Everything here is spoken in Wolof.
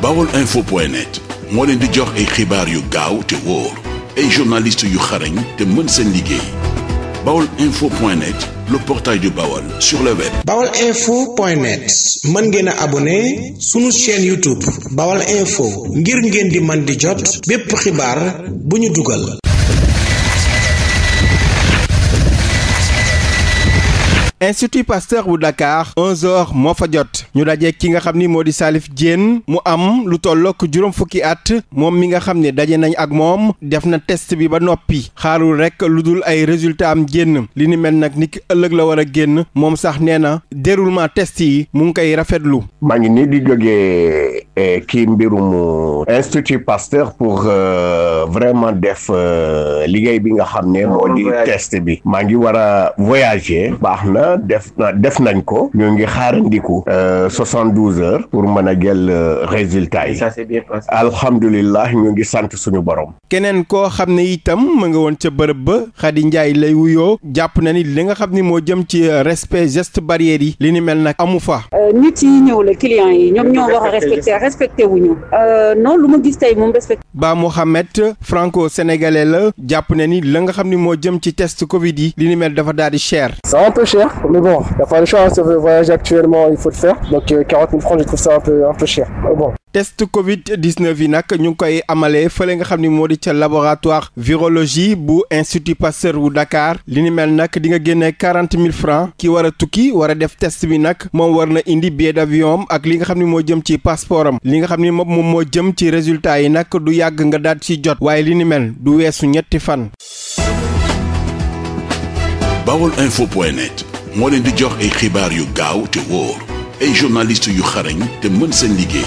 bawol info point net moo leen di jox ay xibaar yu gaaw te wóor ay journalistes yu xarañ te mën seen liggéey bawol info point net le portail du Baol sur le web. Baol info point net mën ngeen a abonné sunu chaîne YouTube Baol info ngir ngeen di man di jot bépp xibaar bu ñu dugal. institut Pasteur bu dakaar 11h moo fa jot ñu daje ki nga xam ni moo di Salif jéen mu am lu tollook juróom fukki at moom mi nga xam ne daje nañ ak moom def na test bi ba noppi xaarul rek lu dul ay résultat am génn li ni mel nag nikk ëllëg la war a génn moom sax nee na déroulement test yi mu ngi koy rafetlu. maa ngi nii di jógee kii mbirum institut Pasteur pour euh, vraiment def euh, liggéey bi nga xam ne moo di test bi maa ngi war a voyager baax na def def nañ ko ñu ngi xaarandiku euh, soixante douze heures pour mën a jël résultat yi alhamdulilah ñu ngi sant suñu borom keneen koo xam ne itam ma nga woon ca bërëb ba Khady Ndiaye lay wuyoo jàpp na ni li nga xam ni moo jëm ci respect geste barrière yi li ni mel nag amu fa respecté wuñu euh, non lu ma gis tey moom respecté. Ba Mohamed franco sénégalais la jàpp ne ni la nga xam ni moo jëm ci test Covid yi li ni dafa daal di cher. c'est un peu cher mais bon y a il faut le faire donc euh, mille francs je trouve ça un peu cher mais bon test Covid 19 yi nag ñu ngi koy amalee fële nga xam ni moo di ca laboratoire virologie bu institut Pasteur bu Dakar li ni mel nag di nga génnee quarante mille francs ki war a tukki war a def test bi nag moom war na indi billet d'avion ak li nga xam ni moo jëm ci passeport am li nga xam ni moom moo jëm ci résultat yi nag du yàgg nga daal ci jot waaye li ni mel du weesu ñetti fan. Baol info moo leen di jox ay xibaar yu gaaw te wóor ay journaliste yu xarañ te mën seen liggéey.